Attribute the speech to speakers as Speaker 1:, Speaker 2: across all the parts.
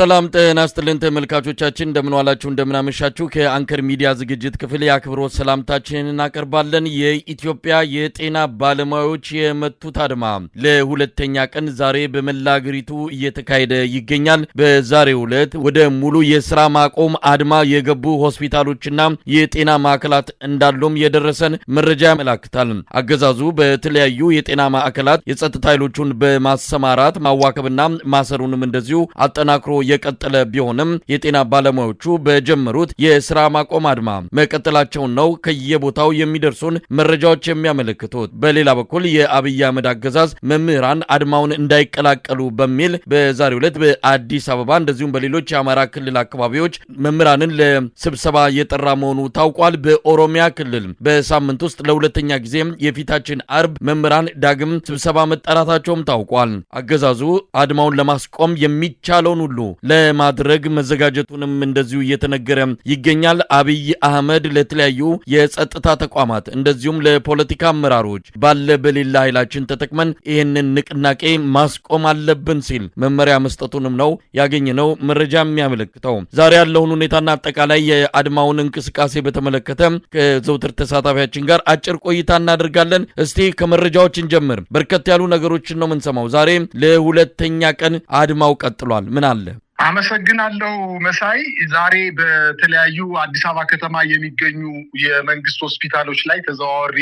Speaker 1: ሰላም ጤና ይስጥልን ተመልካቾቻችን፣ እንደምንዋላችሁ እንደምናመሻችሁ። ከአንከር ሚዲያ ዝግጅት ክፍል የአክብሮት ሰላምታችንን እናቀርባለን። የኢትዮጵያ የጤና ባለሙያዎች የመቱት አድማ ለሁለተኛ ቀን ዛሬ በመላ አገሪቱ እየተካሄደ ይገኛል። በዛሬው ዕለት ወደ ሙሉ የስራ ማቆም አድማ የገቡ ሆስፒታሎችና የጤና ማዕከላት እንዳሉም የደረሰን መረጃ ያመላክታል። አገዛዙ በተለያዩ የጤና ማዕከላት የጸጥታ ኃይሎቹን በማሰማራት ማዋከብና ማሰሩንም እንደዚሁ አጠናክሮ እየቀጠለ ቢሆንም የጤና ባለሙያዎቹ በጀመሩት የስራ ማቆም አድማ መቀጠላቸውን ነው ከየቦታው የሚደርሱን መረጃዎች የሚያመለክቱት። በሌላ በኩል የአብይ አህመድ አገዛዝ መምህራን አድማውን እንዳይቀላቀሉ በሚል በዛሬው ዕለት በአዲስ አበባ እንደዚሁም በሌሎች የአማራ ክልል አካባቢዎች መምህራንን ለስብሰባ የጠራ መሆኑ ታውቋል። በኦሮሚያ ክልል በሳምንት ውስጥ ለሁለተኛ ጊዜ የፊታችን አርብ መምህራን ዳግም ስብሰባ መጠራታቸውም ታውቋል። አገዛዙ አድማውን ለማስቆም የሚቻለውን ሁሉ ለማድረግ መዘጋጀቱንም እንደዚሁ እየተነገረ ይገኛል። አብይ አህመድ ለተለያዩ የጸጥታ ተቋማት እንደዚሁም ለፖለቲካ አመራሮች ባለ በሌላ ኃይላችን ተጠቅመን ይህንን ንቅናቄ ማስቆም አለብን ሲል መመሪያ መስጠቱንም ነው ያገኘነው መረጃ የሚያመለክተው። ዛሬ ያለውን ሁኔታና አጠቃላይ የአድማውን እንቅስቃሴ በተመለከተ ከዘውትር ተሳታፊያችን ጋር አጭር ቆይታ እናደርጋለን። እስቲ ከመረጃዎች ጀምር። በርከት ያሉ ነገሮችን ነው የምንሰማው። ዛሬ ለሁለተኛ ቀን አድማው ቀጥሏል። ምን አለ?
Speaker 2: አመሰግናለሁ መሳይ። ዛሬ በተለያዩ አዲስ አበባ ከተማ የሚገኙ የመንግስት ሆስፒታሎች ላይ ተዘዋወሬ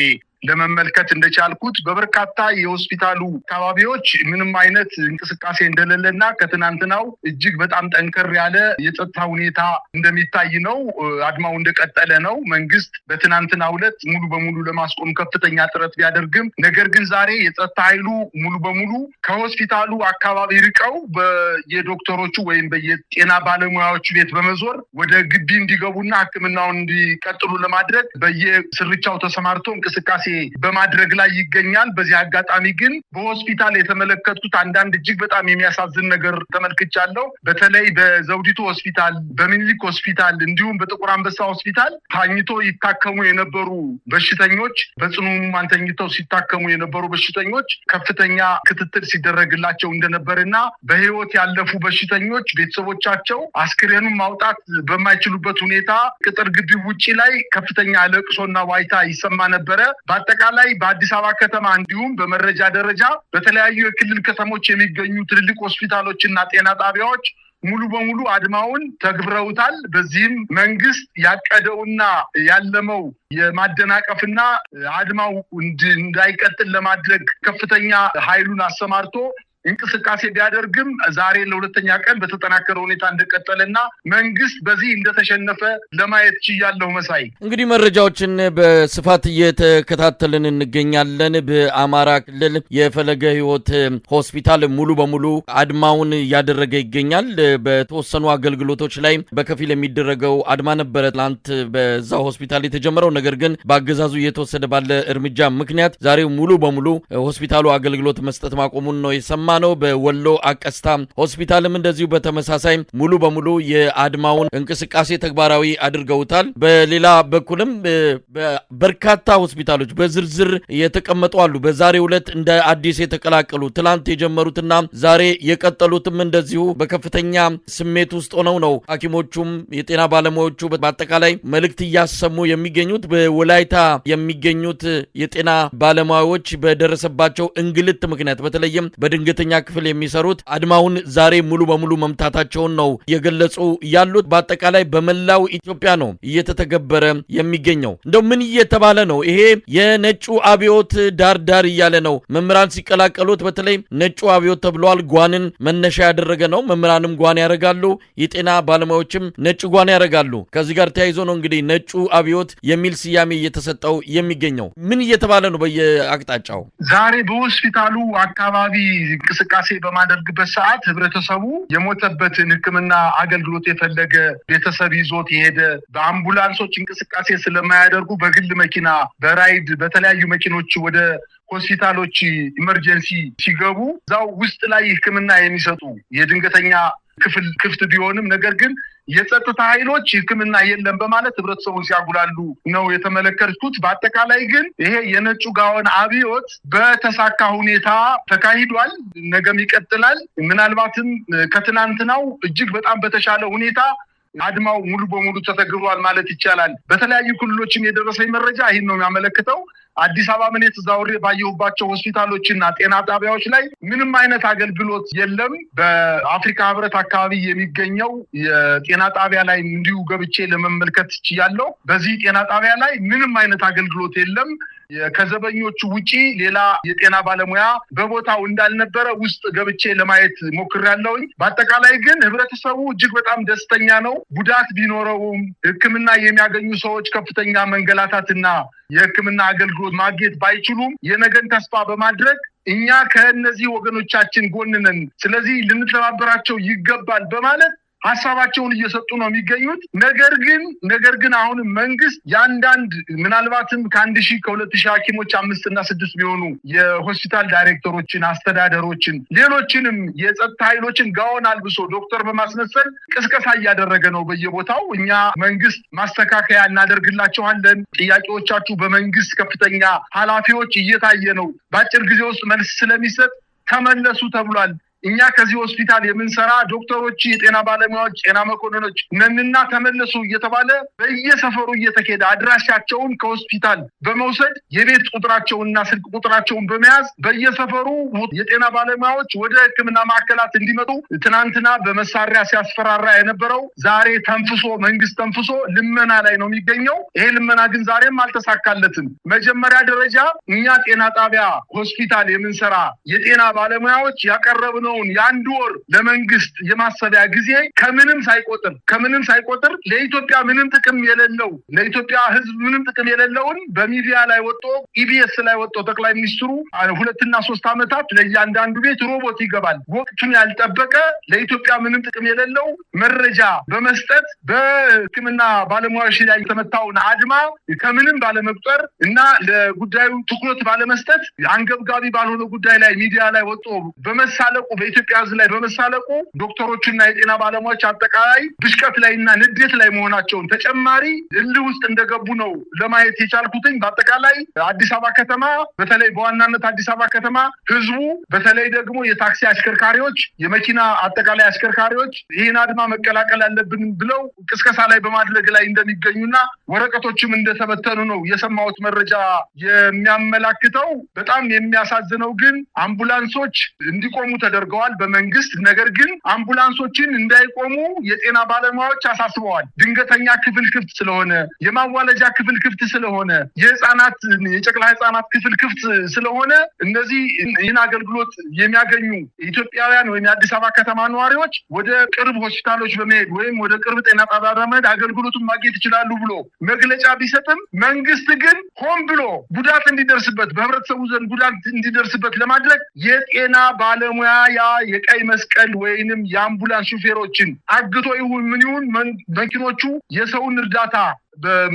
Speaker 2: ለመመልከት እንደቻልኩት በበርካታ የሆስፒታሉ አካባቢዎች ምንም አይነት እንቅስቃሴ እንደሌለ እና ከትናንትናው እጅግ በጣም ጠንከር ያለ የጸጥታ ሁኔታ እንደሚታይ ነው። አድማው እንደቀጠለ ነው። መንግስት በትናንትናው ዕለት ሙሉ በሙሉ ለማስቆም ከፍተኛ ጥረት ቢያደርግም ነገር ግን ዛሬ የጸጥታ ኃይሉ ሙሉ በሙሉ ከሆስፒታሉ አካባቢ ርቀው በየዶክተሮቹ ወይም በየጤና ባለሙያዎቹ ቤት በመዞር ወደ ግቢ እንዲገቡና ሕክምናውን እንዲቀጥሉ ለማድረግ በየስርቻው ተሰማርቶ እንቅስቃሴ በማድረግ ላይ ይገኛል። በዚህ አጋጣሚ ግን በሆስፒታል የተመለከቱት አንዳንድ እጅግ በጣም የሚያሳዝን ነገር ተመልክቻለሁ። በተለይ በዘውዲቱ ሆስፒታል፣ በሚኒሊክ ሆስፒታል እንዲሁም በጥቁር አንበሳ ሆስፒታል ታኝቶ ይታከሙ የነበሩ በሽተኞች በጽኑ ሕሙማን ተኝተው ሲታከሙ የነበሩ በሽተኞች ከፍተኛ ክትትል ሲደረግላቸው እንደነበር ና በህይወት ያለፉ በሽተኞች ቤተሰቦቻቸው አስክሬኑን ማውጣት በማይችሉበት ሁኔታ ቅጥር ግቢው ውጪ ላይ ከፍተኛ ለቅሶና ዋይታ ይሰማ ነበረ። በአጠቃላይ በአዲስ አበባ ከተማ እንዲሁም በመረጃ ደረጃ በተለያዩ የክልል ከተሞች የሚገኙ ትልልቅ ሆስፒታሎች እና ጤና ጣቢያዎች ሙሉ በሙሉ አድማውን ተግብረውታል። በዚህም መንግስት ያቀደውና ያለመው የማደናቀፍና አድማው እንዳይቀጥል ለማድረግ ከፍተኛ ኃይሉን አሰማርቶ እንቅስቃሴ ቢያደርግም ዛሬ ለሁለተኛ ቀን በተጠናከረ ሁኔታ እንደቀጠለና መንግስት በዚህ እንደተሸነፈ ለማየት ችያለሁ። መሳይ እንግዲህ መረጃዎችን በስፋት እየተከታተልን እንገኛለን። በአማራ ክልል የፈለገ ህይወት ሆስፒታል ሙሉ በሙሉ አድማውን እያደረገ ይገኛል። በተወሰኑ አገልግሎቶች ላይ በከፊል የሚደረገው አድማ ነበረ ትላንት በዛ ሆስፒታል የተጀመረው። ነገር ግን በአገዛዙ እየተወሰደ ባለ እርምጃ ምክንያት ዛሬ ሙሉ በሙሉ ሆስፒታሉ አገልግሎት መስጠት ማቆሙን ነው የሰማ ነው በወሎ አቀስታ ሆስፒታልም እንደዚሁ በተመሳሳይ ሙሉ በሙሉ የአድማውን እንቅስቃሴ ተግባራዊ አድርገውታል። በሌላ በኩልም በርካታ ሆስፒታሎች በዝርዝር የተቀመጡ አሉ። በዛሬ ዕለት እንደ አዲስ የተቀላቀሉ ትላንት የጀመሩትና ዛሬ የቀጠሉትም እንደዚሁ በከፍተኛ ስሜት ውስጥ ሆነው ነው ሐኪሞቹም የጤና ባለሙያዎቹ በአጠቃላይ መልእክት እያሰሙ የሚገኙት። በወላይታ የሚገኙት የጤና ባለሙያዎች በደረሰባቸው እንግልት ምክንያት በተለይም በድንገት ሁለተኛ ክፍል የሚሰሩት አድማውን ዛሬ ሙሉ በሙሉ መምታታቸውን ነው የገለጹ ያሉት። በአጠቃላይ በመላው ኢትዮጵያ ነው እየተተገበረ የሚገኘው። እንደው ምን እየተባለ ነው? ይሄ የነጩ አብዮት ዳር ዳር እያለ ነው። መምህራን ሲቀላቀሉት በተለይ ነጩ አብዮት ተብለዋል። ጓንን መነሻ ያደረገ ነው። መምህራንም ጓን ያደርጋሉ። የጤና ባለሙያዎችም ነጭ ጓን ያደርጋሉ። ከዚህ ጋር ተያይዞ ነው እንግዲህ ነጩ አብዮት የሚል ስያሜ እየተሰጠው የሚገኘው። ምን እየተባለ ነው? በየአቅጣጫው ዛሬ በሆስፒታሉ አካባቢ እንቅስቃሴ በማደርግበት ሰዓት ህብረተሰቡ የሞተበትን ህክምና አገልግሎት የፈለገ ቤተሰብ ይዞት የሄደ በአምቡላንሶች እንቅስቃሴ ስለማያደርጉ በግል መኪና በራይድ በተለያዩ መኪኖች ወደ ሆስፒታሎች ኢመርጀንሲ ሲገቡ እዛው ውስጥ ላይ ህክምና የሚሰጡ የድንገተኛ ክፍል ክፍት ቢሆንም ነገር ግን የጸጥታ ኃይሎች ህክምና የለም በማለት ህብረተሰቡን ሲያጉላሉ ነው የተመለከትኩት። በአጠቃላይ ግን ይሄ የነጩ ጋወን አብዮት በተሳካ ሁኔታ ተካሂዷል፣ ነገም ይቀጥላል። ምናልባትም ከትናንትናው እጅግ በጣም በተሻለ ሁኔታ አድማው ሙሉ በሙሉ ተተግብሯል ማለት ይቻላል። በተለያዩ ክልሎችም የደረሰኝ መረጃ ይህን ነው የሚያመለክተው። አዲስ አበባ ምን የተዛውሬ ባየሁባቸው ሆስፒታሎች እና ጤና ጣቢያዎች ላይ ምንም አይነት አገልግሎት የለም። በአፍሪካ ህብረት አካባቢ የሚገኘው የጤና ጣቢያ ላይ እንዲሁ ገብቼ ለመመልከት ችያለሁ። በዚህ ጤና ጣቢያ ላይ ምንም አይነት አገልግሎት የለም። ከዘበኞቹ ውጪ ሌላ የጤና ባለሙያ በቦታው እንዳልነበረ ውስጥ ገብቼ ለማየት ሞክሬያለሁኝ። በአጠቃላይ ግን ህብረተሰቡ እጅግ በጣም ደስተኛ ነው። ጉዳት ቢኖረውም ሕክምና የሚያገኙ ሰዎች ከፍተኛ መንገላታትና የሕክምና አገልግሎት ማግኘት ባይችሉም የነገን ተስፋ በማድረግ እኛ ከእነዚህ ወገኖቻችን ጎን ነን፣ ስለዚህ ልንተባበራቸው ይገባል በማለት ሀሳባቸውን እየሰጡ ነው የሚገኙት። ነገር ግን ነገር ግን አሁን መንግስት የአንዳንድ ምናልባትም ከአንድ ሺህ ከሁለት ሺህ ሐኪሞች አምስት እና ስድስት የሚሆኑ የሆስፒታል ዳይሬክተሮችን፣ አስተዳደሮችን፣ ሌሎችንም የጸጥታ ኃይሎችን ጋውን አልብሶ ዶክተር በማስመሰል ቅስቀሳ እያደረገ ነው በየቦታው። እኛ መንግስት ማስተካከያ እናደርግላቸዋለን፣ ጥያቄዎቻችሁ በመንግስት ከፍተኛ ኃላፊዎች እየታየ ነው፣ በአጭር ጊዜ ውስጥ መልስ ስለሚሰጥ ተመለሱ ተብሏል። እኛ ከዚህ ሆስፒታል የምንሰራ ዶክተሮች፣ የጤና ባለሙያዎች፣ ጤና መኮንኖች ነንና ተመለሱ እየተባለ በየሰፈሩ እየተካሄደ አድራሻቸውን ከሆስፒታል በመውሰድ የቤት ቁጥራቸውንና ስልክ ቁጥራቸውን በመያዝ በየሰፈሩ የጤና ባለሙያዎች ወደ ሕክምና ማዕከላት እንዲመጡ ትናንትና በመሳሪያ ሲያስፈራራ የነበረው ዛሬ ተንፍሶ መንግስት ተንፍሶ ልመና ላይ ነው የሚገኘው። ይሄ ልመና ግን ዛሬም አልተሳካለትም። መጀመሪያ ደረጃ እኛ ጤና ጣቢያ ሆስፒታል የምንሰራ የጤና ባለሙያዎች ያቀረብነው የያዝነውን የአንድ ወር ለመንግስት የማሰቢያ ጊዜ ከምንም ሳይቆጥር ከምንም ሳይቆጥር ለኢትዮጵያ ምንም ጥቅም የሌለው ለኢትዮጵያ ህዝብ ምንም ጥቅም የሌለውን በሚዲያ ላይ ወጦ ኢቢኤስ ላይ ወጦ ጠቅላይ ሚኒስትሩ ሁለትና ሶስት ዓመታት ለእያንዳንዱ ቤት ሮቦት ይገባል። ወቅቱን ያልጠበቀ ለኢትዮጵያ ምንም ጥቅም የሌለው መረጃ በመስጠት በህክምና ባለሙያዎች ላይ የተመታውን አድማ ከምንም ባለመቁጠር እና ለጉዳዩ ትኩረት ባለመስጠት አንገብጋቢ ባልሆነ ጉዳይ ላይ ሚዲያ ላይ ወጦ በመሳለቁ በኢትዮጵያ ሕዝብ ላይ በመሳለቁ ዶክተሮችና የጤና ባለሙያዎች አጠቃላይ ብሽቀት ላይና ንዴት ላይ መሆናቸውን ተጨማሪ እልህ ውስጥ እንደገቡ ነው ለማየት የቻልኩትኝ። በአጠቃላይ አዲስ አበባ ከተማ በተለይ በዋናነት አዲስ አበባ ከተማ ሕዝቡ በተለይ ደግሞ የታክሲ አሽከርካሪዎች፣ የመኪና አጠቃላይ አሽከርካሪዎች ይህን አድማ መቀላቀል ያለብን ብለው ቅስቀሳ ላይ በማድረግ ላይ እንደሚገኙና ወረቀቶችም እንደተበተኑ ነው የሰማሁት መረጃ የሚያመላክተው። በጣም የሚያሳዝነው ግን አምቡላንሶች እንዲቆሙ ተደርጓል። አድርገዋል በመንግስት ነገር ግን አምቡላንሶችን እንዳይቆሙ የጤና ባለሙያዎች አሳስበዋል። ድንገተኛ ክፍል ክፍት ስለሆነ፣ የማዋለጃ ክፍል ክፍት ስለሆነ፣ የህፃናት የጨቅላ ህፃናት ክፍል ክፍት ስለሆነ እነዚህ ይህን አገልግሎት የሚያገኙ ኢትዮጵያውያን ወይም የአዲስ አበባ ከተማ ነዋሪዎች ወደ ቅርብ ሆስፒታሎች በመሄድ ወይም ወደ ቅርብ ጤና ጣቢያ በመሄድ አገልግሎቱን ማግኘት ይችላሉ ብሎ መግለጫ ቢሰጥም መንግስት ግን ሆን ብሎ ጉዳት እንዲደርስበት በህብረተሰቡ ዘንድ ጉዳት እንዲደርስበት ለማድረግ የጤና ባለሙያ ያ የቀይ መስቀል ወይንም የአምቡላንስ ሹፌሮችን አግቶ ይሁን ምን ይሁን መኪኖቹ የሰውን እርዳታ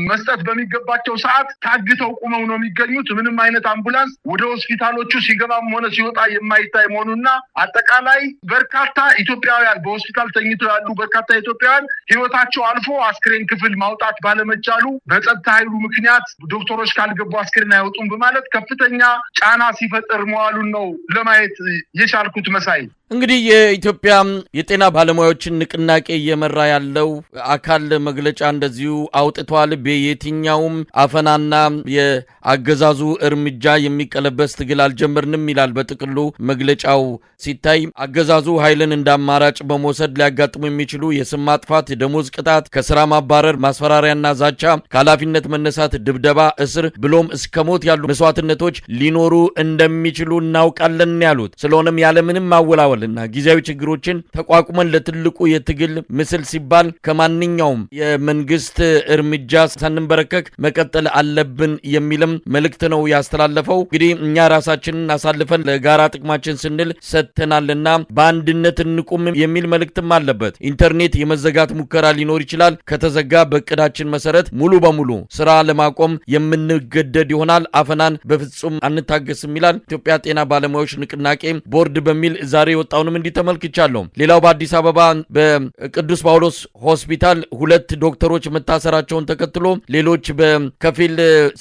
Speaker 2: መስጠት በሚገባቸው ሰዓት ታግተው ቁመው ነው የሚገኙት። ምንም አይነት አምቡላንስ ወደ ሆስፒታሎቹ ሲገባም ሆነ ሲወጣ የማይታይ መሆኑና አጠቃላይ በርካታ ኢትዮጵያውያን በሆስፒታል ተኝተው ያሉ በርካታ ኢትዮጵያውያን ሕይወታቸው አልፎ አስክሬን ክፍል ማውጣት ባለመቻሉ በጸጥታ ኃይሉ ምክንያት ዶክተሮች ካልገቡ አስክሬን አይወጡም በማለት ከፍተኛ ጫና ሲፈጠር መዋሉን ነው ለማየት የቻልኩት መሳይ
Speaker 1: እንግዲህ የኢትዮጵያ የጤና ባለሙያዎችን ንቅናቄ እየመራ ያለው አካል መግለጫ እንደዚሁ አውጥቷል። በየትኛውም አፈናና የአገዛዙ እርምጃ የሚቀለበስ ትግል አልጀመርንም ይላል። በጥቅሉ መግለጫው ሲታይ አገዛዙ ኃይልን እንደ አማራጭ በመውሰድ ሊያጋጥሙ የሚችሉ የስም ማጥፋት፣ የደሞዝ ቅጣት፣ ከስራ ማባረር፣ ማስፈራሪያና ዛቻ፣ ከኃላፊነት መነሳት፣ ድብደባ፣ እስር ብሎም እስከ ሞት ያሉ መስዋዕትነቶች ሊኖሩ እንደሚችሉ እናውቃለን ያሉት ስለሆነም ያለምንም አወላወል እና ጊዜያዊ ችግሮችን ተቋቁመን ለትልቁ የትግል ምስል ሲባል ከማንኛውም የመንግስት እርምጃ ሳንንበረከክ መቀጠል አለብን የሚልም መልእክት ነው ያስተላለፈው። እንግዲህ እኛ ራሳችንን አሳልፈን ለጋራ ጥቅማችን ስንል ሰጥተናልና በአንድነት እንቁም የሚል መልእክትም አለበት። ኢንተርኔት የመዘጋት ሙከራ ሊኖር ይችላል። ከተዘጋ በእቅዳችን መሰረት ሙሉ በሙሉ ስራ ለማቆም የምንገደድ ይሆናል። አፈናን በፍጹም አንታገስም ይላል ኢትዮጵያ ጤና ባለሙያዎች ንቅናቄ ቦርድ በሚል ዛሬ የወጣውንም እንዲህ ተመልክቻለሁ። ሌላው በአዲስ አበባ በቅዱስ ጳውሎስ ሆስፒታል ሁለት ዶክተሮች መታሰራቸውን ተከትሎ ሌሎች በከፊል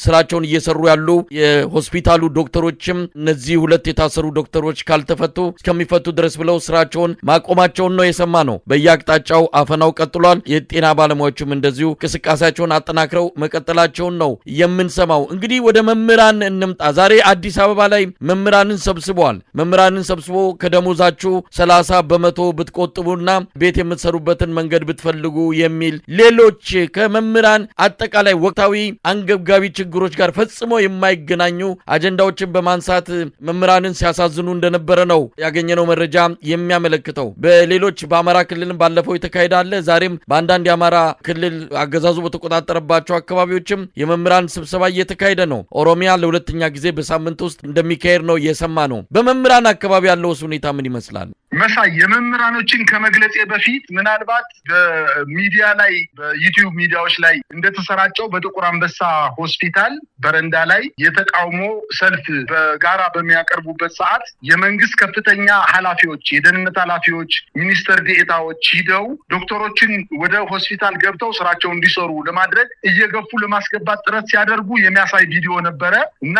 Speaker 1: ስራቸውን እየሰሩ ያሉ የሆስፒታሉ ዶክተሮችም እነዚህ ሁለት የታሰሩ ዶክተሮች ካልተፈቱ እስከሚፈቱ ድረስ ብለው ስራቸውን ማቆማቸውን ነው የሰማ ነው። በየአቅጣጫው አፈናው ቀጥሏል። የጤና ባለሙያዎችም እንደዚሁ እንቅስቃሴያቸውን አጠናክረው መቀጠላቸውን ነው የምንሰማው። እንግዲህ ወደ መምህራን እንምጣ። ዛሬ አዲስ አበባ ላይ መምህራንን ሰብስበዋል። መምህራንን ሰብስቦ ከደሞዛ ሰርታችሁ 30 በመቶ ብትቆጥቡና ቤት የምትሰሩበትን መንገድ ብትፈልጉ የሚል ሌሎች ከመምህራን አጠቃላይ ወቅታዊ አንገብጋቢ ችግሮች ጋር ፈጽሞ የማይገናኙ አጀንዳዎችን በማንሳት መምህራንን ሲያሳዝኑ እንደነበረ ነው ያገኘነው መረጃ የሚያመለክተው። በሌሎች በአማራ ክልልም ባለፈው የተካሄደ አለ። ዛሬም በአንዳንድ የአማራ ክልል አገዛዙ በተቆጣጠረባቸው አካባቢዎችም የመምህራን ስብሰባ እየተካሄደ ነው። ኦሮሚያ ለሁለተኛ ጊዜ በሳምንት ውስጥ እንደሚካሄድ ነው እየሰማ ነው። በመምህራን አካባቢ ያለውስ ሁኔታ ምን ይመስላል? land.
Speaker 2: መሳይ የመምህራኖችን ከመግለጼ በፊት ምናልባት በሚዲያ ላይ በዩቲዩብ ሚዲያዎች ላይ እንደተሰራጨው በጥቁር አንበሳ ሆስፒታል በረንዳ ላይ የተቃውሞ ሰልፍ በጋራ በሚያቀርቡበት ሰዓት የመንግስት ከፍተኛ ኃላፊዎች፣ የደህንነት ኃላፊዎች፣ ሚኒስተር ዴኤታዎች ሂደው ዶክተሮችን ወደ ሆስፒታል ገብተው ስራቸው እንዲሰሩ ለማድረግ እየገፉ ለማስገባት ጥረት ሲያደርጉ የሚያሳይ ቪዲዮ ነበረ እና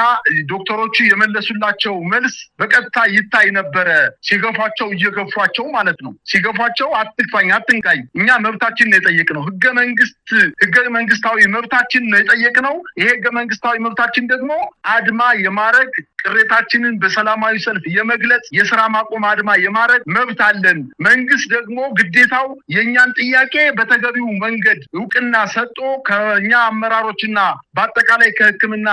Speaker 2: ዶክተሮቹ የመለሱላቸው መልስ በቀጥታ ይታይ ነበረ ሲገፏቸው እየገፏቸው ማለት ነው። ሲገፏቸው አትግፋኝ፣ አትንካኝ፣ እኛ መብታችን ነው የጠየቅነው፣ ህገ መንግስት ህገ መንግስታዊ መብታችን ነው የጠየቅነው። ይሄ ህገ መንግስታዊ መብታችን ደግሞ አድማ የማድረግ ቅሬታችንን በሰላማዊ ሰልፍ የመግለጽ የስራ ማቆም አድማ የማድረግ መብት አለን። መንግስት ደግሞ ግዴታው የእኛን ጥያቄ በተገቢው መንገድ እውቅና ሰጥቶ ከእኛ አመራሮችና በአጠቃላይ ከህክምና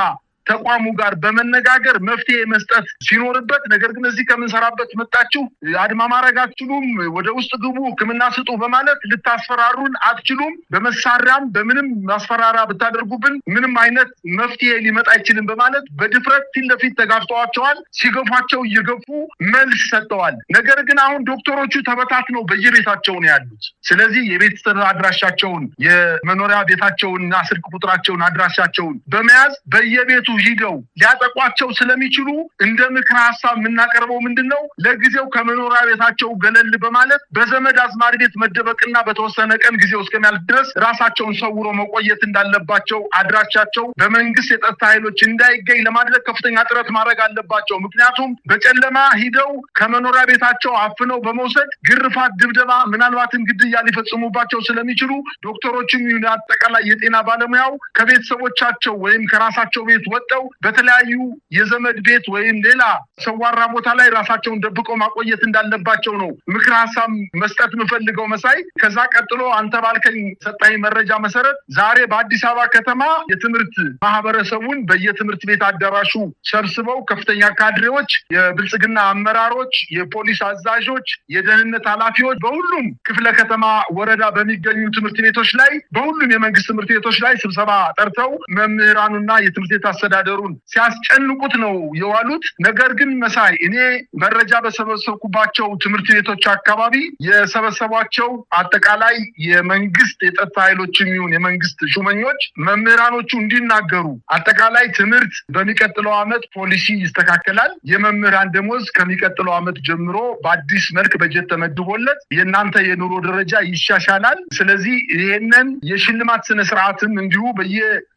Speaker 2: ተቋሙ ጋር በመነጋገር መፍትሄ መስጠት ሲኖርበት፣ ነገር ግን እዚህ ከምንሰራበት መጣችሁ አድማ ማድረግ አትችሉም፣ ወደ ውስጥ ግቡ፣ ሕክምና ስጡ በማለት ልታስፈራሩን አትችሉም፣ በመሳሪያም በምንም ማስፈራራ ብታደርጉብን ምንም አይነት መፍትሄ ሊመጣ አይችልም በማለት በድፍረት ፊት ለፊት ተጋፍጠዋቸዋል። ሲገፏቸው እየገፉ መልስ ሰጥተዋል። ነገር ግን አሁን ዶክተሮቹ ተበታትነው በየቤታቸው ነው ያሉት። ስለዚህ የቤት አድራሻቸውን የመኖሪያ ቤታቸውንና ስልክ ቁጥራቸውን አድራሻቸውን በመያዝ በየቤቱ ሂደው ሊያጠቋቸው ስለሚችሉ እንደ ምክር ሀሳብ የምናቀርበው ምንድን ነው? ለጊዜው ከመኖሪያ ቤታቸው ገለል በማለት በዘመድ አዝማሪ ቤት መደበቅና በተወሰነ ቀን ጊዜው እስከሚያልፍ ድረስ ራሳቸውን ሰውሮ መቆየት እንዳለባቸው፣ አድራሻቸው በመንግስት የጸጥታ ኃይሎች እንዳይገኝ ለማድረግ ከፍተኛ ጥረት ማድረግ አለባቸው። ምክንያቱም በጨለማ ሂደው ከመኖሪያ ቤታቸው አፍነው በመውሰድ ግርፋት፣ ድብደባ፣ ምናልባትም ግድያ ሊፈጽሙባቸው ስለሚችሉ ዶክተሮችም አጠቃላይ የጤና ባለሙያው ከቤተሰቦቻቸው ወይም ከራሳቸው ቤት ወጠው በተለያዩ የዘመድ ቤት ወይም ሌላ ሰዋራ ቦታ ላይ ራሳቸውን ደብቀው ማቆየት እንዳለባቸው ነው ምክር ሀሳብ መስጠት የምፈልገው። መሳይ ከዛ ቀጥሎ አንተ ባልከኝ ሰጣኝ መረጃ መሰረት ዛሬ በአዲስ አበባ ከተማ የትምህርት ማህበረሰቡን በየትምህርት ቤት አዳራሹ ሰብስበው ከፍተኛ ካድሬዎች፣ የብልጽግና አመራሮች፣ የፖሊስ አዛዦች፣ የደህንነት ኃላፊዎች በሁሉም ክፍለ ከተማ ወረዳ በሚገኙ ትምህርት ቤቶች ላይ በሁሉም የመንግስት ትምህርት ቤቶች ላይ ስብሰባ ጠርተው መምህራኑና የትምህርት ቤት አስተዳደሩን ሲያስጨንቁት ነው የዋሉት። ነገር ግን መሳይ እኔ መረጃ በሰበሰብኩባቸው ትምህርት ቤቶች አካባቢ የሰበሰቧቸው አጠቃላይ የመንግስት የጸጥታ ኃይሎች የሚሆን የመንግስት ሹመኞች መምህራኖቹ እንዲናገሩ አጠቃላይ ትምህርት በሚቀጥለው ዓመት ፖሊሲ ይስተካከላል፣ የመምህራን ደሞዝ ከሚቀጥለው ዓመት ጀምሮ በአዲስ መልክ በጀት ተመድቦለት የእናንተ የኑሮ ደረጃ ይሻሻላል። ስለዚህ ይሄንን የሽልማት ስነስርዓትም እንዲሁ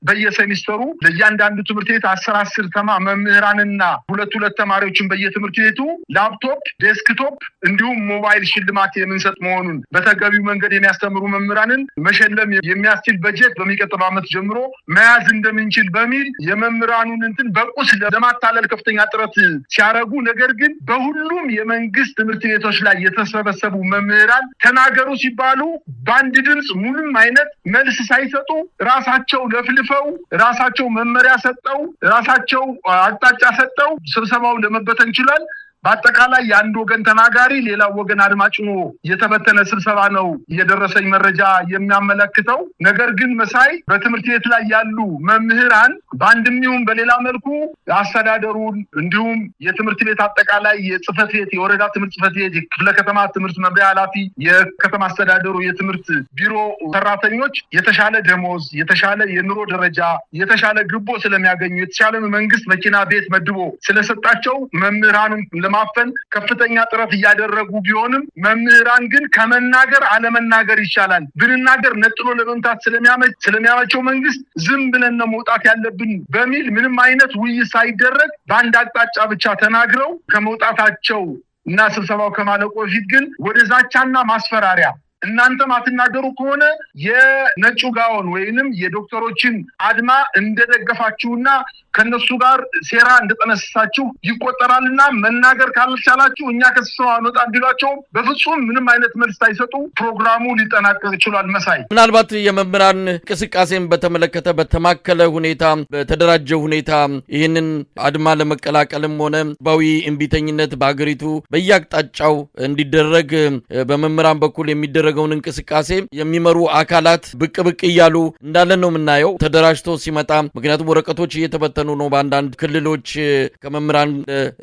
Speaker 2: በየሰሚስተሩ ለእያንዳንዱ ትምህርት ትምህርት ቤት አስር አስር ተማ መምህራንና ሁለት ሁለት ተማሪዎችን በየትምህርት ቤቱ ላፕቶፕ፣ ዴስክቶፕ እንዲሁም ሞባይል ሽልማት የምንሰጥ መሆኑን በተገቢው መንገድ የሚያስተምሩ መምህራንን መሸለም የሚያስችል በጀት በሚቀጥለው ዓመት ጀምሮ መያዝ እንደምንችል በሚል የመምህራኑን እንትን በቁስ ለማታለል ከፍተኛ ጥረት ሲያደርጉ፣ ነገር ግን በሁሉም የመንግስት ትምህርት ቤቶች ላይ የተሰበሰቡ መምህራን ተናገሩ ሲባሉ በአንድ ድምፅ ምንም አይነት መልስ ሳይሰጡ ራሳቸው ለፍልፈው ራሳቸው መመሪያ ሰጠው ሰጠው ራሳቸው አቅጣጫ ሰጠው ስብሰባው ለመበተን ይችላል። በአጠቃላይ የአንድ ወገን ተናጋሪ ሌላ ወገን አድማጭ ሆኖ የተበተነ ስብሰባ ነው የደረሰኝ መረጃ የሚያመለክተው። ነገር ግን መሳይ በትምህርት ቤት ላይ ያሉ መምህራን በአንድም ይሁን በሌላ መልኩ አስተዳደሩን እንዲሁም የትምህርት ቤት አጠቃላይ የጽህፈት ቤት የወረዳ ትምህርት ጽህፈት ቤት፣ የክፍለ ከተማ ትምህርት መምሪያ ኃላፊ፣ የከተማ አስተዳደሩ የትምህርት ቢሮ ሰራተኞች የተሻለ ደሞዝ፣ የተሻለ የኑሮ ደረጃ፣ የተሻለ ግቦ ስለሚያገኙ የተሻለ መንግስት መኪና ቤት መድቦ ስለሰጣቸው መምህራንም ለማፈን ከፍተኛ ጥረት እያደረጉ ቢሆንም መምህራን ግን ከመናገር አለመናገር ይቻላል። ብንናገር ነጥሎ ለመምታት ስለሚያመቸው መንግስት ዝም ብለን ነው መውጣት ያለብን በሚል ምንም አይነት ውይይት ሳይደረግ በአንድ አቅጣጫ ብቻ ተናግረው ከመውጣታቸው እና ስብሰባው ከማለቁ በፊት ግን ወደ ዛቻና ማስፈራሪያ እናንተም አትናገሩ ከሆነ የነጩ ጋውን ወይንም የዶክተሮችን አድማ እንደደገፋችሁና ከነሱ ጋር ሴራ እንደጠነሰሳችሁ ይቆጠራልና መናገር ካልቻላችሁ እኛ ከስሰው አመጣ እንዲሏቸው በፍጹም ምንም አይነት መልስ ሳይሰጡ ፕሮግራሙ ሊጠናቀቅ ችሏል። መሳይ
Speaker 1: ምናልባት የመምህራን እንቅስቃሴን በተመለከተ በተማከለ ሁኔታ በተደራጀ ሁኔታ ይህንን አድማ ለመቀላቀልም ሆነ ባዊ እምቢተኝነት በሀገሪቱ በየአቅጣጫው እንዲደረግ በመምህራን በኩል የሚደረገውን እንቅስቃሴ የሚመሩ አካላት ብቅ ብቅ እያሉ እንዳለን ነው የምናየው። ተደራጅቶ ሲመጣ ምክንያቱም ወረቀቶች እየተበተ እየተፈተኑ ነው፣ በአንዳንድ ክልሎች ከመምህራን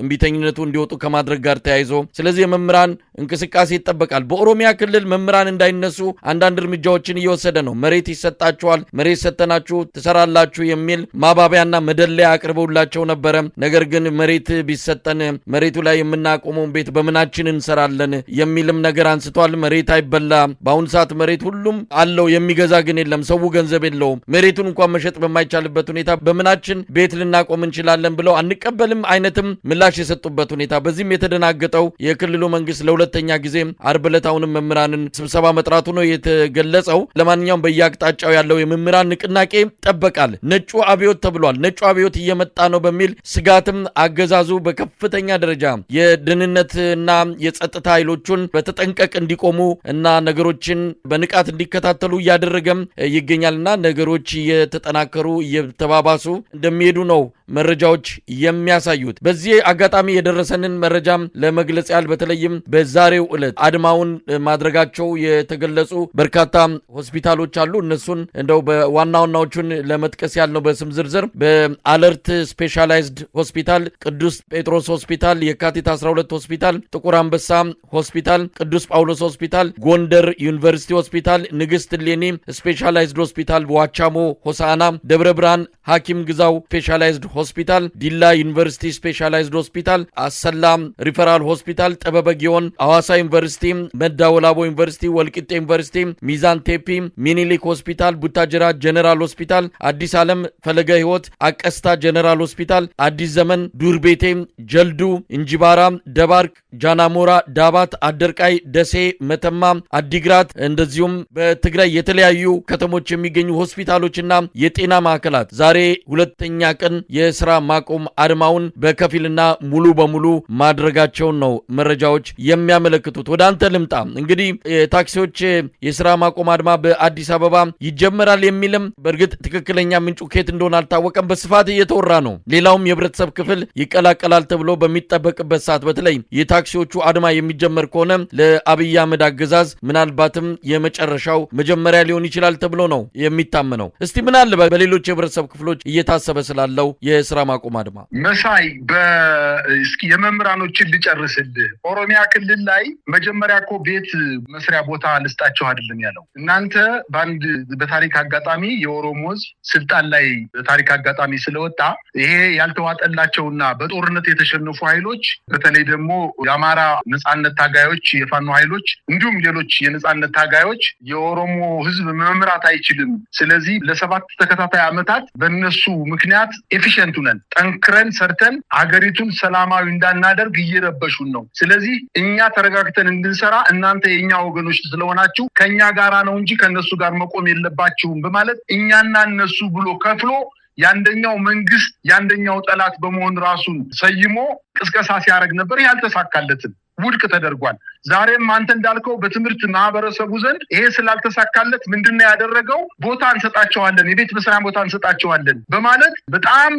Speaker 1: እምቢተኝነቱ እንዲወጡ ከማድረግ ጋር ተያይዞ። ስለዚህ የመምህራን እንቅስቃሴ ይጠበቃል። በኦሮሚያ ክልል መምህራን እንዳይነሱ አንዳንድ እርምጃዎችን እየወሰደ ነው። መሬት ይሰጣችኋል፣ መሬት ሰተናችሁ ትሰራላችሁ የሚል ማባቢያና መደለያ አቅርበውላቸው ነበረ። ነገር ግን መሬት ቢሰጠን መሬቱ ላይ የምናቆመውን ቤት በምናችን እንሰራለን የሚልም ነገር አንስቷል። መሬት አይበላ። በአሁኑ ሰዓት መሬት ሁሉም አለው፣ የሚገዛ ግን የለም። ሰው ገንዘብ የለውም። መሬቱን እንኳን መሸጥ በማይቻልበት ሁኔታ በምናችን ቤት እንዴት ልናቆም እንችላለን ብለው አንቀበልም አይነትም ምላሽ የሰጡበት ሁኔታ። በዚህም የተደናገጠው የክልሉ መንግስት ለሁለተኛ ጊዜ አርብ ዕለት አሁንም መምህራንን ስብሰባ መጥራቱ ነው የተገለጸው። ለማንኛውም በየአቅጣጫው ያለው የመምህራን ንቅናቄ ይጠበቃል። ነጩ አብዮት ተብሏል። ነጩ አብዮት እየመጣ ነው በሚል ስጋትም አገዛዙ በከፍተኛ ደረጃ የደህንነትና የጸጥታ ኃይሎቹን በተጠንቀቅ እንዲቆሙ እና ነገሮችን በንቃት እንዲከታተሉ እያደረገም ይገኛልና ነገሮች እየተጠናከሩ እየተባባሱ እንደሚሄዱ ነው መረጃዎች የሚያሳዩት። በዚህ አጋጣሚ የደረሰንን መረጃም ለመግለጽ ያህል በተለይም በዛሬው ዕለት አድማውን ማድረጋቸው የተገለጹ በርካታ ሆስፒታሎች አሉ። እነሱን እንደው በዋና ዋናዎቹን ለመጥቀስ ያህል ነው በስም ዝርዝር በአለርት ስፔሻላይዝድ ሆስፒታል፣ ቅዱስ ጴጥሮስ ሆስፒታል፣ የካቲት 12 ሆስፒታል፣ ጥቁር አንበሳ ሆስፒታል፣ ቅዱስ ጳውሎስ ሆስፒታል፣ ጎንደር ዩኒቨርሲቲ ሆስፒታል፣ ንግስት ሌኒ ስፔሻላይዝድ ሆስፒታል፣ ዋቻሞ ሆሳና፣ ደብረ ብርሃን ሐኪም ግዛው ስፔሻ ስፔሻላይዝድ ሆስፒታል፣ ዲላ ዩኒቨርሲቲ ስፔሻላይዝድ ሆስፒታል፣ አሰላም ሪፈራል ሆስፒታል፣ ጠበበ ጊዮን፣ አዋሳ ዩኒቨርሲቲ፣ መዳወላቦ ዩኒቨርሲቲ፣ ወልቂጤ ዩኒቨርሲቲ፣ ሚዛን ቴፒ፣ ሚኒሊክ ሆስፒታል፣ ቡታጅራ ጀነራል ሆስፒታል፣ አዲስ ዓለም ፈለገ ህይወት፣ አቀስታ ጀነራል ሆስፒታል፣ አዲስ ዘመን፣ ዱር ቤቴ፣ ጀልዱ፣ እንጂባራ፣ ደባርቅ፣ ጃናሞራ፣ ዳባት፣ አደርቃይ፣ ደሴ፣ መተማ፣ አዲግራት እንደዚሁም በትግራይ የተለያዩ ከተሞች የሚገኙ ሆስፒታሎችና የጤና ማዕከላት ዛሬ ሁለተኛ ቀን የስራ ማቆም አድማውን በከፊልና ሙሉ በሙሉ ማድረጋቸውን ነው መረጃዎች የሚያመለክቱት። ወደ አንተ ልምጣ። እንግዲህ የታክሲዎች የስራ ማቆም አድማ በአዲስ አበባ ይጀመራል የሚልም በእርግጥ ትክክለኛ ምንጩ ከየት እንደሆነ አልታወቀም፣ በስፋት እየተወራ ነው። ሌላውም የህብረተሰብ ክፍል ይቀላቀላል ተብሎ በሚጠበቅበት ሰዓት በተለይ የታክሲዎቹ አድማ የሚጀመር ከሆነ ለአብይ አህመድ አገዛዝ ምናልባትም የመጨረሻው መጀመሪያ ሊሆን ይችላል ተብሎ ነው የሚታመነው። እስቲ ምን አለ በሌሎች የህብረተሰብ ክፍሎች እየታሰበ ስላለ ያለው
Speaker 2: የስራ ማቆም አድማ መሳይ እስኪ የመምህራኖችን ልጨርስልህ። ኦሮሚያ ክልል ላይ መጀመሪያ እኮ ቤት መስሪያ ቦታ ልስጣቸው አይደለም ያለው። እናንተ በአንድ በታሪክ አጋጣሚ የኦሮሞ ህዝብ ስልጣን ላይ በታሪክ አጋጣሚ ስለወጣ ይሄ ያልተዋጠላቸውና በጦርነት የተሸነፉ ኃይሎች በተለይ ደግሞ የአማራ ነጻነት ታጋዮች የፋኖ ኃይሎች እንዲሁም ሌሎች የነጻነት ታጋዮች የኦሮሞ ህዝብ መምራት አይችልም። ስለዚህ ለሰባት ተከታታይ ዓመታት በነሱ ምክንያት ለመስራት ኤፊሽንቱ ነን። ጠንክረን ሰርተን ሀገሪቱን ሰላማዊ እንዳናደርግ እየረበሹን ነው። ስለዚህ እኛ ተረጋግተን እንድንሰራ እናንተ የእኛ ወገኖች ስለሆናችሁ ከእኛ ጋራ ነው እንጂ ከእነሱ ጋር መቆም የለባችሁም በማለት እኛና እነሱ ብሎ ከፍሎ የአንደኛው መንግስት የአንደኛው ጠላት በመሆን ራሱን ሰይሞ ቅስቀሳ ሲያደርግ ነበር። ያልተሳካለትም ውድቅ ተደርጓል። ዛሬም አንተ እንዳልከው በትምህርት ማህበረሰቡ ዘንድ ይሄ ስላልተሳካለት ምንድነው ያደረገው? ቦታ እንሰጣቸዋለን፣ የቤት መስሪያ ቦታ እንሰጣቸዋለን በማለት በጣም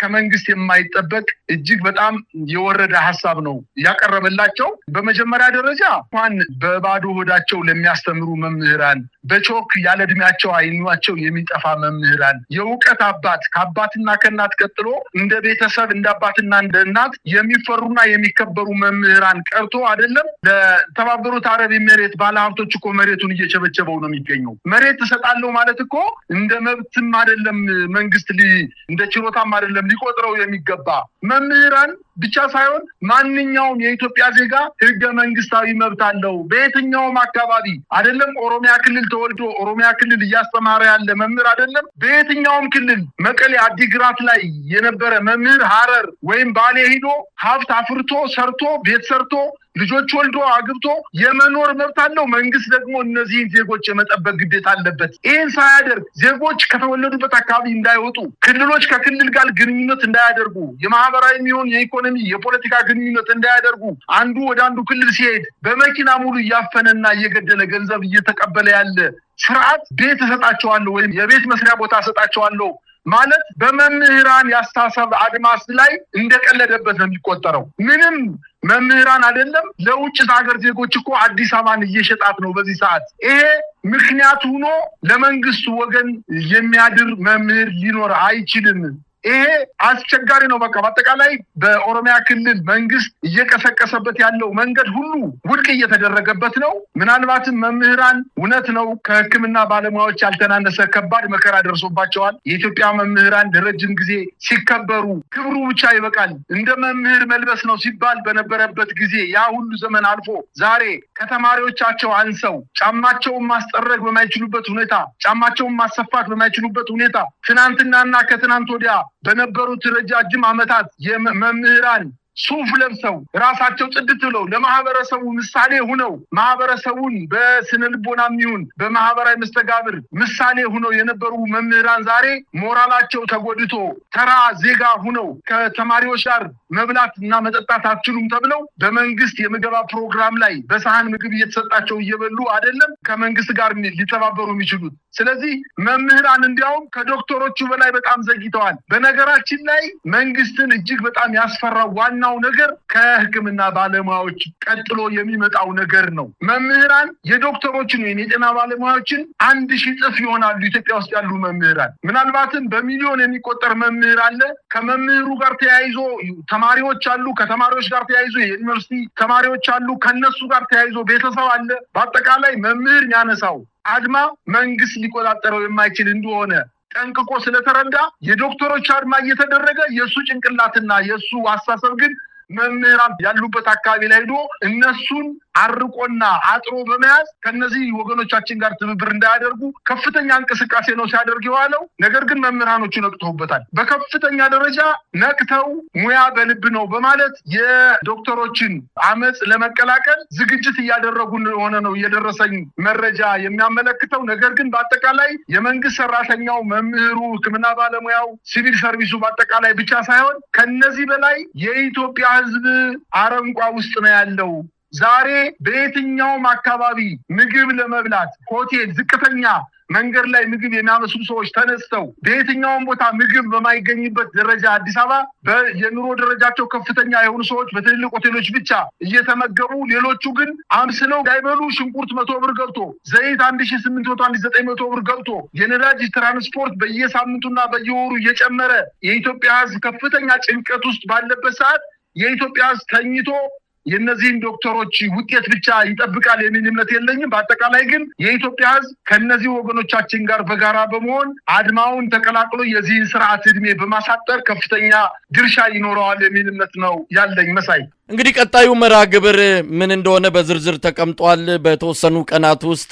Speaker 2: ከመንግስት የማይጠበቅ እጅግ በጣም የወረደ ሀሳብ ነው ያቀረበላቸው። በመጀመሪያ ደረጃ እንኳን በባዶ ሆዳቸው ለሚያስተምሩ መምህራን፣ በቾክ ያለ እድሜያቸው አይኗቸው የሚጠፋ መምህራን፣ የእውቀት አባት ከአባትና ከእናት ቀጥሎ እንደ ቤተሰብ እንደ አባትና እንደ እናት የሚፈሩና የሚከበሩ መምህራን እንኳን ቀርቶ አይደለም ለተባበሩት አረብ ኤሜሬት ባለሀብቶች እኮ መሬቱን እየቸበቸበው ነው የሚገኘው። መሬት እሰጣለሁ ማለት እኮ እንደ መብትም አይደለም መንግስት እንደ ችሎታም አይደለም ሊቆጥረው የሚገባ መምህራን ብቻ ሳይሆን ማንኛውም የኢትዮጵያ ዜጋ ህገ መንግስታዊ መብት አለው። በየትኛውም አካባቢ አይደለም ኦሮሚያ ክልል ተወልዶ ኦሮሚያ ክልል እያስተማረ ያለ መምህር አይደለም፣ በየትኛውም ክልል መቀሌ፣ አዲግራት ላይ የነበረ መምህር ሀረር ወይም ባሌ ሂዶ ሀብት አፍርቶ ሰርቶ ቤት ሰርቶ ልጆች ወልዶ አግብቶ የመኖር መብት አለው። መንግስት ደግሞ እነዚህን ዜጎች የመጠበቅ ግዴታ አለበት። ይህን ሳያደርግ ዜጎች ከተወለዱበት አካባቢ እንዳይወጡ፣ ክልሎች ከክልል ጋር ግንኙነት እንዳያደርጉ፣ የማህበራዊ የሚሆን የኢኮኖሚ የፖለቲካ ግንኙነት እንዳያደርጉ፣ አንዱ ወደ አንዱ ክልል ሲሄድ በመኪና ሙሉ እያፈነና እየገደለ ገንዘብ እየተቀበለ ያለ ስርዓት ቤት እሰጣቸዋለሁ ወይም የቤት መስሪያ ቦታ እሰጣቸዋለሁ ማለት በመምህራን ያስታሰብ አድማስ ላይ እንደቀለደበት ነው የሚቆጠረው ምንም መምህራን አይደለም ለውጭ ሀገር ዜጎች እኮ አዲስ አበባን እየሸጣት ነው በዚህ ሰዓት። ይሄ ምክንያት ሆኖ ለመንግስት ወገን የሚያድር መምህር ሊኖር አይችልም። ይሄ አስቸጋሪ ነው። በቃ በአጠቃላይ በኦሮሚያ ክልል መንግስት እየቀሰቀሰበት ያለው መንገድ ሁሉ ውድቅ እየተደረገበት ነው። ምናልባትም መምህራን እውነት ነው ከህክምና ባለሙያዎች ያልተናነሰ ከባድ መከራ ደርሶባቸዋል። የኢትዮጵያ መምህራን ለረጅም ጊዜ ሲከበሩ ክብሩ ብቻ ይበቃል እንደ መምህር መልበስ ነው ሲባል በነበረበት ጊዜ ያ ሁሉ ዘመን አልፎ ዛሬ ከተማሪዎቻቸው አንሰው ጫማቸውን ማስጠረግ በማይችሉበት ሁኔታ ጫማቸውን ማሰፋት በማይችሉበት ሁኔታ ትናንትናና ከትናንት ወዲያ በነበሩት ረጃጅም ዓመታት የመምህራን ሱፍ ለብሰው ራሳቸው ጽድት ብለው ለማህበረሰቡ ምሳሌ ሁነው ማህበረሰቡን በስነ ልቦና የሚሆን በማህበራዊ መስተጋብር ምሳሌ ሁነው የነበሩ መምህራን ዛሬ ሞራላቸው ተጎድቶ ተራ ዜጋ ሁነው ከተማሪዎች ጋር መብላት እና መጠጣት አትችሉም ተብለው በመንግስት የምገባ ፕሮግራም ላይ በሳህን ምግብ እየተሰጣቸው እየበሉ አይደለም ከመንግስት ጋር ሊተባበሩ የሚችሉት። ስለዚህ መምህራን እንዲያውም ከዶክተሮቹ በላይ በጣም ዘግይተዋል። በነገራችን ላይ መንግስትን እጅግ በጣም ያስፈራው ዋና ዋናው ነገር ከህክምና ባለሙያዎች ቀጥሎ የሚመጣው ነገር ነው። መምህራን የዶክተሮችን ወይም የጤና ባለሙያዎችን አንድ ሺህ እጥፍ ይሆናሉ ኢትዮጵያ ውስጥ ያሉ መምህራን። ምናልባትም በሚሊዮን የሚቆጠር መምህር አለ። ከመምህሩ ጋር ተያይዞ ተማሪዎች አሉ። ከተማሪዎች ጋር ተያይዞ የዩኒቨርሲቲ ተማሪዎች አሉ። ከነሱ ጋር ተያይዞ ቤተሰብ አለ። በአጠቃላይ መምህር ያነሳው አድማ መንግስት ሊቆጣጠረው የማይችል እንደሆነ ጠንቅቆ ስለተረዳ የዶክተሮች አድማ እየተደረገ የእሱ ጭንቅላትና የእሱ አስተሳሰብ ግን መምህራን ያሉበት አካባቢ ላይ ሄዶ እነሱን አርቆና አጥሮ በመያዝ ከነዚህ ወገኖቻችን ጋር ትብብር እንዳያደርጉ ከፍተኛ እንቅስቃሴ ነው ሲያደርግ የዋለው። ነገር ግን መምህራኖቹ ነቅተውበታል። በከፍተኛ ደረጃ ነቅተው ሙያ በልብ ነው በማለት የዶክተሮችን አመፅ ለመቀላቀል ዝግጅት እያደረጉ እንደሆነ ነው እየደረሰኝ መረጃ የሚያመለክተው። ነገር ግን በአጠቃላይ የመንግስት ሰራተኛው፣ መምህሩ፣ ሕክምና ባለሙያው፣ ሲቪል ሰርቪሱ በአጠቃላይ ብቻ ሳይሆን ከነዚህ በላይ የኢትዮጵያ ሕዝብ አረንቋ ውስጥ ነው ያለው። ዛሬ በየትኛውም አካባቢ ምግብ ለመብላት ሆቴል፣ ዝቅተኛ መንገድ ላይ ምግብ የሚያመስሉ ሰዎች ተነስተው በየትኛውም ቦታ ምግብ በማይገኝበት ደረጃ አዲስ አበባ የኑሮ ደረጃቸው ከፍተኛ የሆኑ ሰዎች በትልልቅ ሆቴሎች ብቻ እየተመገቡ ሌሎቹ ግን አምስለው ዳይበሉ ሽንኩርት መቶ ብር ገብቶ ዘይት አንድ ሺ ስምንት መቶ አንድ ዘጠኝ መቶ ብር ገብቶ የነዳጅ ትራንስፖርት በየሳምንቱና በየወሩ እየጨመረ የኢትዮጵያ ህዝብ ከፍተኛ ጭንቀት ውስጥ ባለበት ሰዓት የኢትዮጵያ ህዝብ ተኝቶ የእነዚህን ዶክተሮች ውጤት ብቻ ይጠብቃል የሚል እምነት የለኝም። በአጠቃላይ ግን የኢትዮጵያ ሕዝብ ከእነዚህ ወገኖቻችን ጋር በጋራ በመሆን አድማውን ተቀላቅሎ የዚህን ስርዓት እድሜ በማሳጠር ከፍተኛ ድርሻ ይኖረዋል የሚል እምነት ነው ያለኝ
Speaker 1: መሳይ። እንግዲህ ቀጣዩ መርሃ ግብር ምን እንደሆነ በዝርዝር ተቀምጧል። በተወሰኑ ቀናት ውስጥ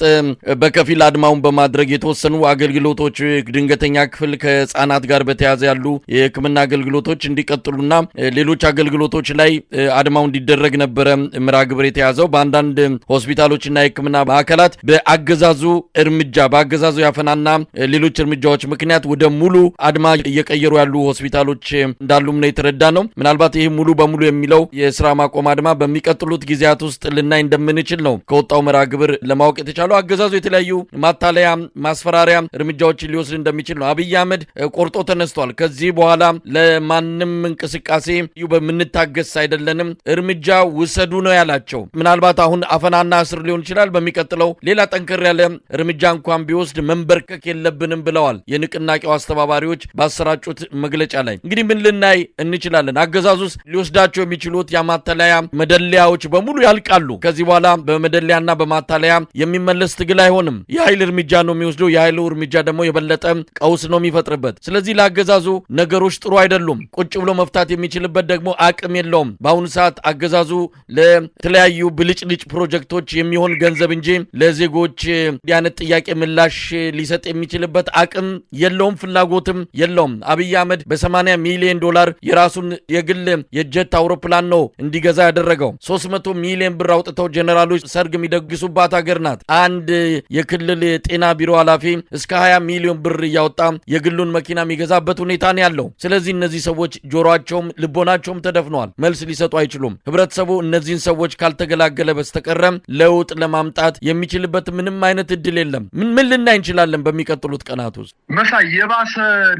Speaker 1: በከፊል አድማውን በማድረግ የተወሰኑ አገልግሎቶች ድንገተኛ ክፍል ከህጻናት ጋር በተያያዘ ያሉ የሕክምና አገልግሎቶች እንዲቀጥሉና ሌሎች አገልግሎቶች ላይ አድማው እንዲደረግ ነበረ መርሃ ግብር የተያዘው። በአንዳንድ ሆስፒታሎችና የሕክምና ማዕከላት በአገዛዙ እርምጃ በአገዛዙ ያፈናና ሌሎች እርምጃዎች ምክንያት ወደ ሙሉ አድማ እየቀየሩ ያሉ ሆስፒታሎች እንዳሉም ነው የተረዳ ነው። ምናልባት ይህ ሙሉ በሙሉ የሚለው ስራ ማቆም አድማ በሚቀጥሉት ጊዜያት ውስጥ ልናይ እንደምንችል ነው ከወጣው መርሃ ግብር ለማወቅ የተቻለው። አገዛዙ የተለያዩ ማታለያ፣ ማስፈራሪያ እርምጃዎችን ሊወስድ እንደሚችል ነው። አብይ አህመድ ቆርጦ ተነስቷል። ከዚህ በኋላ ለማንም እንቅስቃሴ በምንታገስ አይደለንም፣ እርምጃ ውሰዱ ነው ያላቸው። ምናልባት አሁን አፈናና እስር ሊሆን ይችላል። በሚቀጥለው ሌላ ጠንከር ያለ እርምጃ እንኳን ቢወስድ መንበርከክ የለብንም ብለዋል የንቅናቄው አስተባባሪዎች ባሰራጩት መግለጫ ላይ። እንግዲህ ምን ልናይ እንችላለን? አገዛዙስ ሊወስዳቸው የሚችሉት ያማ ማተለያ መደለያዎች በሙሉ ያልቃሉ። ከዚህ በኋላ በመደለያና በማታለያ የሚመለስ ትግል አይሆንም። የኃይል እርምጃ ነው የሚወስደው። የኃይል እርምጃ ደግሞ የበለጠ ቀውስ ነው የሚፈጥርበት። ስለዚህ ለአገዛዙ ነገሮች ጥሩ አይደሉም። ቁጭ ብሎ መፍታት የሚችልበት ደግሞ አቅም የለውም። በአሁኑ ሰዓት አገዛዙ ለተለያዩ ብልጭልጭ ፕሮጀክቶች የሚሆን ገንዘብ እንጂ ለዜጎች እንዲህ ጥያቄ ምላሽ ሊሰጥ የሚችልበት አቅም የለውም፣ ፍላጎትም የለውም። አብይ አህመድ በ80 ሚሊዮን ዶላር የራሱን የግል የጀት አውሮፕላን ነው እንዲገዛ ያደረገው። 300 ሚሊዮን ብር አውጥተው ጀኔራሎች ሰርግ የሚደግሱባት ሀገር ናት። አንድ የክልል የጤና ቢሮ ኃላፊ እስከ 20 ሚሊዮን ብር እያወጣ የግሉን መኪና የሚገዛበት ሁኔታ ነው ያለው። ስለዚህ እነዚህ ሰዎች ጆሮቸውም ልቦናቸውም ተደፍነዋል። መልስ ሊሰጡ አይችሉም። ህብረተሰቡ እነዚህን ሰዎች ካልተገላገለ በስተቀረ ለውጥ ለማምጣት የሚችልበት ምንም አይነት እድል የለም። ምን ልናይ እንችላለን? በሚቀጥሉት ቀናት ውስጥ መሳይ የባሰ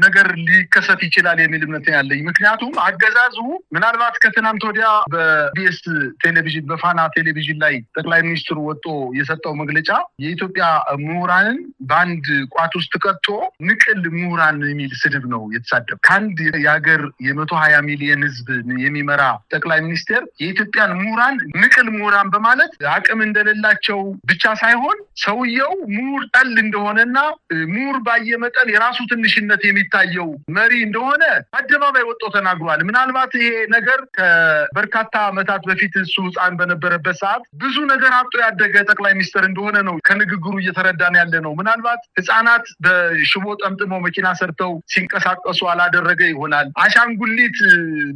Speaker 1: ነገር ሊከሰት ይችላል የሚል እምነት ያለኝ ምክንያቱም አገዛዙ ምናልባት ከትናንት ወዲያ በቢኤስ ቴሌቪዥን በፋና ቴሌቪዥን ላይ ጠቅላይ ሚኒስትሩ ወጥቶ የሰጠው መግለጫ የኢትዮጵያ ምሁራንን በአንድ ቋት ውስጥ ቀጥቶ ንቅል ምሁራን የሚል ስድብ ነው የተሳደብ። ከአንድ የሀገር የመቶ ሀያ ሚሊየን ህዝብ የሚመራ ጠቅላይ ሚኒስቴር የኢትዮጵያን ምሁራን ንቅል ምሁራን በማለት አቅም እንደሌላቸው ብቻ ሳይሆን ሰውየው ምሁር ጠል እንደሆነና ምሁር ባየ መጠን የራሱ ትንሽነት የሚታየው መሪ እንደሆነ አደባባይ ወጥቶ ተናግሯል። ምናልባት ይሄ ነገር ከበርካታ ከበርካታ ዓመታት በፊት እሱ ህፃን በነበረበት ሰዓት ብዙ ነገር አብጦ ያደገ ጠቅላይ ሚኒስትር እንደሆነ ነው ከንግግሩ እየተረዳን ያለ ነው። ምናልባት ሕፃናት በሽቦ ጠምጥመው መኪና ሰርተው ሲንቀሳቀሱ አላደረገ ይሆናል። አሻንጉሊት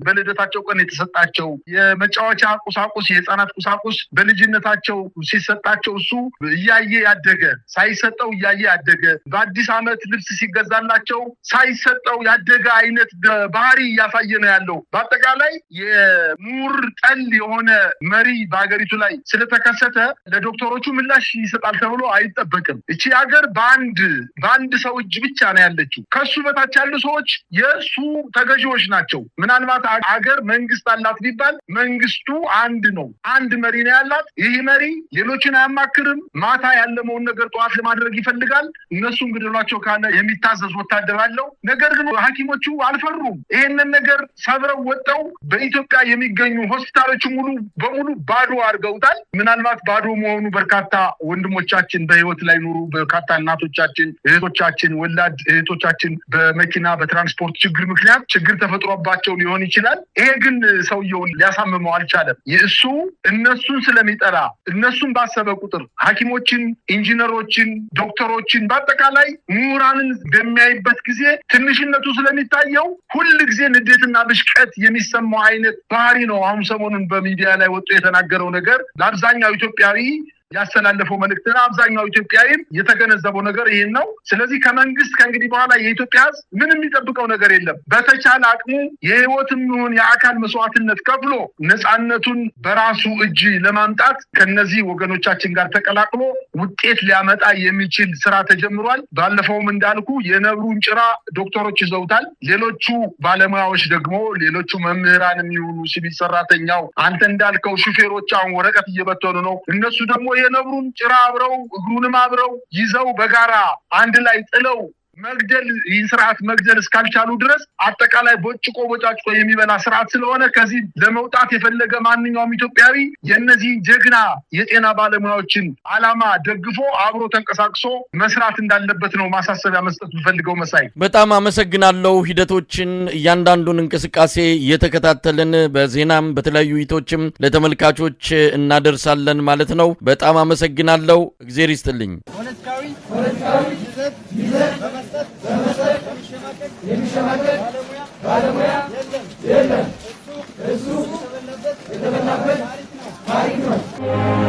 Speaker 1: በልደታቸው ቀን የተሰጣቸው የመጫወቻ ቁሳቁስ፣ የህፃናት ቁሳቁስ በልጅነታቸው ሲሰጣቸው እሱ እያየ ያደገ ሳይሰጠው እያየ ያደገ በአዲስ ዓመት ልብስ ሲገዛላቸው ሳይሰጠው ያደገ አይነት ባህሪ እያሳየ ነው ያለው። በአጠቃላይ የሙር ነውር ጠል የሆነ መሪ በሀገሪቱ ላይ ስለተከሰተ ለዶክተሮቹ ምላሽ ይሰጣል ተብሎ አይጠበቅም። እቺ ሀገር በአንድ በአንድ ሰው እጅ ብቻ ነው ያለችው። ከሱ በታች ያሉ ሰዎች የእሱ ተገዢዎች ናቸው። ምናልባት ሀገር መንግስት አላት ቢባል መንግስቱ አንድ ነው። አንድ መሪ ነው ያላት። ይህ መሪ ሌሎችን አያማክርም። ማታ ያለመውን ነገር ጠዋት ለማድረግ ይፈልጋል። እነሱ ግድሏቸው ካለ የሚታዘዝ ወታደር አለው። ነገር ግን ሐኪሞቹ አልፈሩም። ይሄንን ነገር ሰብረው ወጠው በኢትዮጵያ የሚገኙ ሆስፒታሎች ሙሉ በሙሉ ባዶ አድርገውታል። ምናልባት ባዶ መሆኑ በርካታ ወንድሞቻችን በህይወት ላይ ኑሩ በርካታ እናቶቻችን፣ እህቶቻችን፣ ወላድ እህቶቻችን በመኪና በትራንስፖርት ችግር ምክንያት ችግር ተፈጥሮባቸው ሊሆን ይችላል። ይሄ ግን ሰውየውን ሊያሳምመው አልቻለም። እሱ እነሱን ስለሚጠራ እነሱን ባሰበ ቁጥር ሐኪሞችን፣ ኢንጂነሮችን፣ ዶክተሮችን በአጠቃላይ ምሁራንን በሚያይበት ጊዜ ትንሽነቱ ስለሚታየው ሁል ጊዜ ንዴትና ብሽቀት የሚሰማው አይነት ባህሪ ነው አሁን ሰሞኑን በሚዲያ ላይ ወጥቶ የተናገረው ነገር ለአብዛኛው ኢትዮጵያዊ ያስተላለፈው መልእክትና አብዛኛው ኢትዮጵያዊም የተገነዘበው ነገር ይህን ነው። ስለዚህ ከመንግስት ከእንግዲህ በኋላ የኢትዮጵያ ህዝብ ምን የሚጠብቀው ነገር የለም። በተቻለ አቅሙ የህይወትም ይሁን የአካል መስዋዕትነት ከፍሎ ነፃነቱን በራሱ እጅ ለማምጣት ከነዚህ ወገኖቻችን ጋር ተቀላቅሎ ውጤት ሊያመጣ የሚችል ስራ ተጀምሯል። ባለፈውም እንዳልኩ የነብሩን ጭራ ዶክተሮች ይዘውታል። ሌሎቹ ባለሙያዎች ደግሞ ሌሎቹ መምህራን የሚሆኑ ሲቪል ሰራተኛው፣ አንተ እንዳልከው ሹፌሮች አሁን ወረቀት እየበተኑ ነው። እነሱ ደግሞ የነብሩን ጭራ አብረው እግሩንም አብረው ይዘው በጋራ አንድ ላይ ጥለው መግደል ይህን ስርዓት መግደል እስካልቻሉ ድረስ አጠቃላይ ቦጭቆ ቦጫጭቆ የሚበላ ስርዓት ስለሆነ ከዚህ ለመውጣት የፈለገ ማንኛውም ኢትዮጵያዊ የእነዚህን ጀግና የጤና ባለሙያዎችን አላማ ደግፎ አብሮ ተንቀሳቅሶ መስራት እንዳለበት ነው ማሳሰቢያ መስጠት የምፈልገው። መሳይ በጣም አመሰግናለሁ። ሂደቶችን እያንዳንዱን እንቅስቃሴ እየተከታተልን በዜናም በተለያዩ ይቶችም ለተመልካቾች እናደርሳለን ማለት ነው። በጣም አመሰግናለሁ። እግዜር ይስጥልኝ። የሚሸማቀቅ ባለሙያ የለም። እሱ የተበላበት ታሪክ ነው።